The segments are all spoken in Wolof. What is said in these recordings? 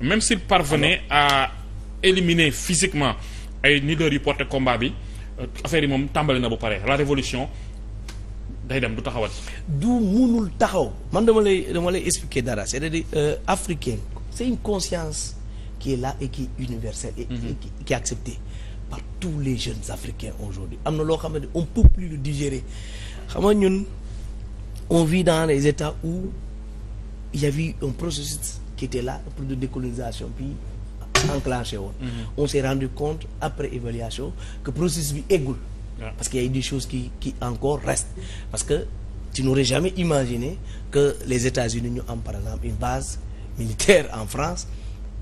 même s'il parvenait à éliminer physiquement ay leaders yu porté combat bi euh, affaire yi moom tàmbali na bu pare la révolution day dem du taxawat du munul taxaw man dama lay dama lay expliquer dara c'est-à-dire euh, africaine c'est une conscience qui est là et qui est universelle et, mm -hmm. et qui, qui est acceptée par tous les jeunes africains aujourd'hui am na loo xam ne on peut plus le digérer xam nga ñun on vit dans les états où il y avait un processus qui là pour de décolonisation bi enclenché woon mhm. on s'est rendu compte après évaluation que processus bi eggul parce qu'il y a eu des choses qui encore restent parce que tu n'aurais jamais imaginé que les États-Unis ñu am par exemple une base militaire en France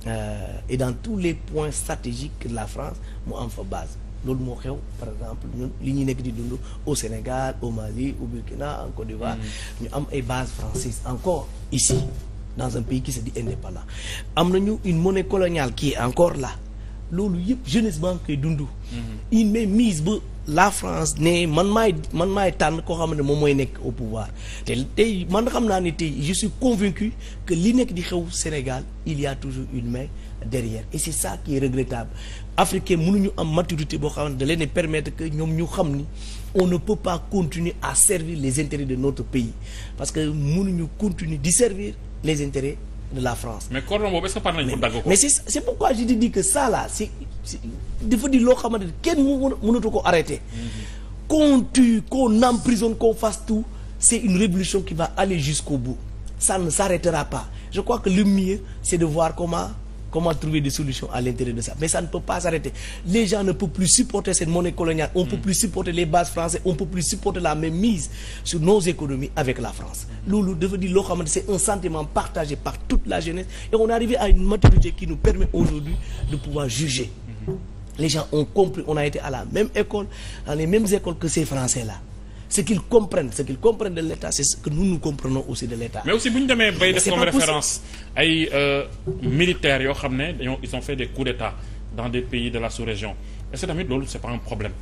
euh, et dans tous les points stratégiques de la France mu am fa base loolu moo xew par exemple ñun li ñuy nekk di dund au Sénégal au Mali au Burkina en Côte d'Ivoire mhm. ñu am ay bases françaises encore ici dans un pays qui se dit indépendant am nañu une monnaie coloniale qui encore la loolu yëpp jeunesse baa ngi koy dund. Mhm. une ba la France ne man maay man maay tànn koo xam ne moom mooy nekk au pouvoir te tey man xam naa ni tey je suis convaincu que li nekk di xew Sénégal il y toujours une mais derrière et c'est ça qui est regrettable africain mënuñu am maturité boo xam xamante da leen permettre que ñoom ñu xam ni on ne peut pas continuer à servir les intérêts de notre pays parce que mënuñu continuer di servir les intérêts de la France. mais cordon boobu est-ce que par nañu ko dagg ko. mais c'est c'est pourquoi je que ça là c'est dafa di loo xamante ni kenn mu mënatu ko arrêter. Mm-hmm. qu'on tue qu'on emprisonne qu'on fasse tout c'est une révolution qui va aller jusqu'au bout ça ne crois que le mieux de voir comment. Comment trouver des solutions à l'intérieur de ça? Mais ça ne peut pas s'arrêter. Les gens ne peuvent plus supporter cette monnaie coloniale. On peut mm. plus supporter les bases françaises. On peut plus supporter la même mise sur nos économies avec la France. loolu dafa di loo xamante c'est un sentiment partagé par toute la jeunesse et on est à une maturité qui nous permet aujourd'hui de pouvoir juger. Mm-hmm. Les gens ont compris, on a été à la même école, dans les mêmes écoles ce qu'ils comprennent ce qu'ils comprennent c'est que nous nous comprenons aussi de l'État mais aussi bu ñu demee bay def référence ay euh, militaires yoo xam ne dañoo ils ont fait des coups d'État dans des pays de la sous-région est-ce que tamit loolu c'est pas un problème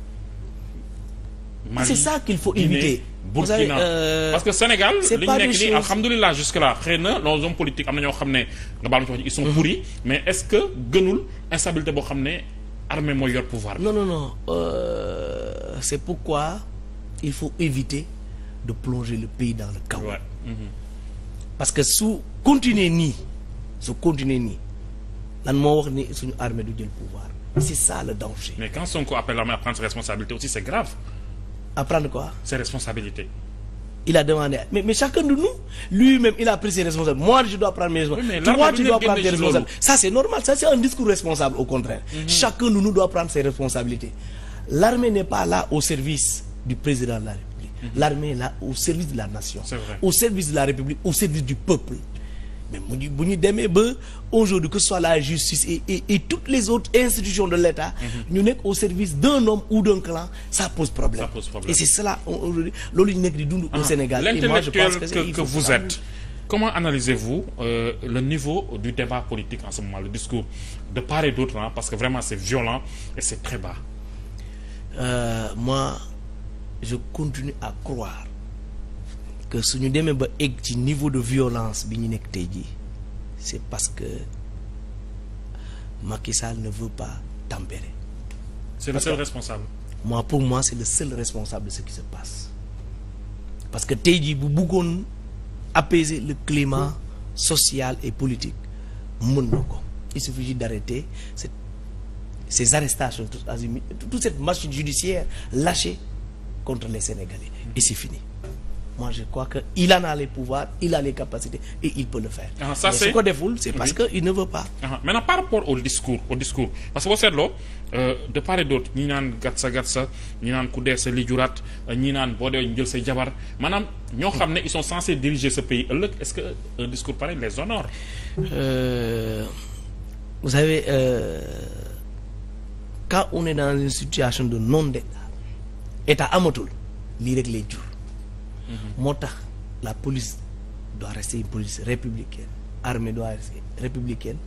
Mali, c'est ça qu'il faut Guinée, éviter Burkina savez, euh, parce que Sénégal li ñu nekk nii alhamdulilah jusque là xëy na nos politiques am na ñoo xam ne nga baal ma ci ils sont pourris mais est-ce que gënul instabilité boo xam ne armée mooy yor pouvoir bi non non non euh, il faut éviter de plonger le pays dans le chaos. Mm-hmm. parce que su continuer nii su continuer nii lan moo wax ni suñu armée du jël pouvoir c'est ça le danger. mais quand Sonko appelle l'armée à prendre ses responsabilités aussi c'est grave. à prendre quoi. ses responsabilités. il a demandé mais chacun de nous lui-même il a pris ses responsabilités moi je dois prendre mes responsabilités. mais toi tu dois prendre tes responsabilités ça c'est normal ça c'est un discours responsable au contraire. Mm-hmm. chacun de du président de la République. Mm -hmm. L'armée est là au service de la nation. Au service de la République, au service du peuple. Mais bu ñu demee ba aujourd'hui que ce soit la justice et, toutes les autres institutions de l'État mhm. ñu mm -hmm. nekk au service d'un homme ou d'un clan ça pose problème, ça pose problème. et c'est cela aujourd'hui loolu ñu nekk au ah, Sénégal et moi je pense que, vous êtes comment analysez-vous euh, le niveau du débat politique en ce moment le discours de part et d'autre je continue à croire que suñu demee ba egg ci niveau de violence bi ñu nekk tey jii c'est parce que Macky Sall ne veut pas tempérer. c'est le seul responsable. moi pour moi c'est le seul responsable de ce qui se passe parce que tey jii bu buggoon apaiser le climat social et politique mën na ko il suffit d'arrêter cette ces arrestations toutes azimuts toute cette machine judiciaire lâchée contre les Sénégalais. Et c'est fini. Moi, je crois qu'il en a les pouvoirs, il a les capacités et il peut le faire. ko ah, deful c'est parce oui. que il ne veut pas. Ah, maintenant par rapport au discours au discours parce que boo seetloo euh, de part et d'autre ñi naan gatsa gatsa ñi naan ku dee sa li juraat ñi naan boo dee jël sa jabar maanaam ñoo xam ne ils sont censés diriger ce pays ëllëg est-ce que un discours pareil les honore. Euh, vous savez euh, quand on est dans une situation de non état amatul lii rek le jur. moo tax la police doit rester une police républicaine armée doit rester républicaine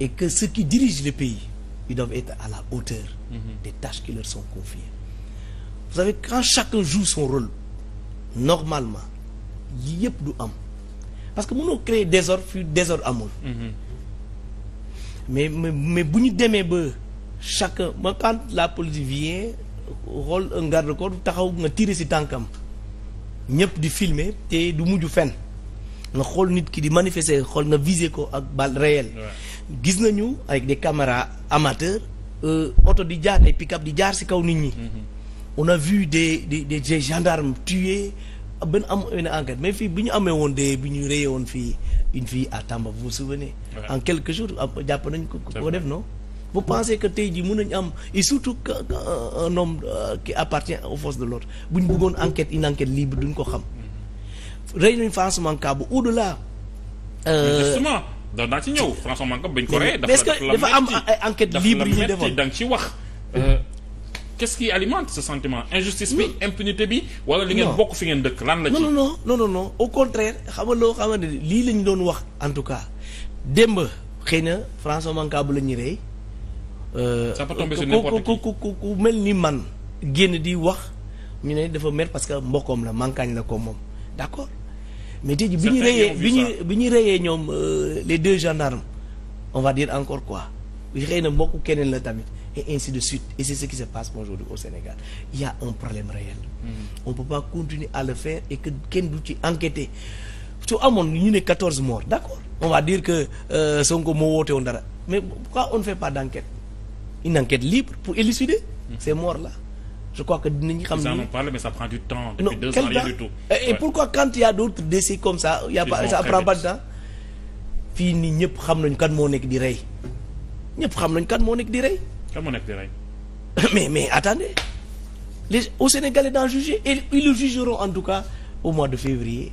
et que ceux qui dirigent le pays ils doivent être à la hauteur. Mhm. des tâches qui leur sont confiées. vous savez quand chacun joue son rôle normalement yii yëpp du am parce que mënoo créer désordre fi désordre amul. Mhm. mais mais mais bu ñu demee ba chacun ma quand la police vient. xool un garde taxaw nga tiré si tànkam ñëpp di filmer te du mujj fen nga xool nit ki di manifester xool nga viser ko ak balle réelle. gis nañu ay des caméras amateurs euh, oto di jaar ay pick-up di jaar si kaw nit ñi. Mhm. on a vu des des des, des gendarmes tués benn am benn mais fii bi ñu amee woon de bi ñu reyee woon fii une fille à Tamba vous vous souvenez. en quelques jours jàpp nañ ko ko def non. vous pensez que tey jii mun nañu am et surtout que euh, un homme euh, qui appartient aux forces de l'ordre bu ñu bëggoon enquête in enquête libre duñ ko xam rey nañ François Mancabou bu au delà. Euh, justement daa ci ñëw François Mancabou bañ ko rey. dafa la dafa am ay enquête libre yu ñuy defoon da nga wax. qu'est-ce qui alimente ce sentiment injustice bi impunité bi. wala li ngeen bokk fi ngeen dëkk lan la ci. no non non non non au contraire xam nga loo xamante ni lii lañ doon wax en tout cas démb xëy na François Mancabou la ñuy rey. Euh, ça peut tomber sur n'importe qui ku ku ku mel ni man génn di wax ñu ne dafa mer parce que mbokkoom la mankaañ la ko moom d'accord mais tey ji bi ñu reyee bi ñu bi ñu reyee ñoom euh, les deux gendarmes on va dire encore quoi xëy na mbokk keneen la tamit et ainsi de suite et c'est ce qui se passe aujourd'hui au Sénégal il un problème réel mm-hmm. on peut continuer à le faire et que kenn du ci enquêter su amoon ñu ne quatorze morts d'accord on va dire que euh, Sonko moo woote woon dara mais pourquoi on ne fait pas une enquête libre pour élucider ces morts-là je crois que dinañu xam ni on parle mais pourquoi quand il y a comme ça y a Ils prend pas temps fii nii ñëpp xam nañu kat moo nekk di rey ñëpp xam nañu kat moo nekk di rey kan moo nekk di rey mais mais attendez les au Sénégalais d'en juger et ils le jugeront en tout cas au mois de février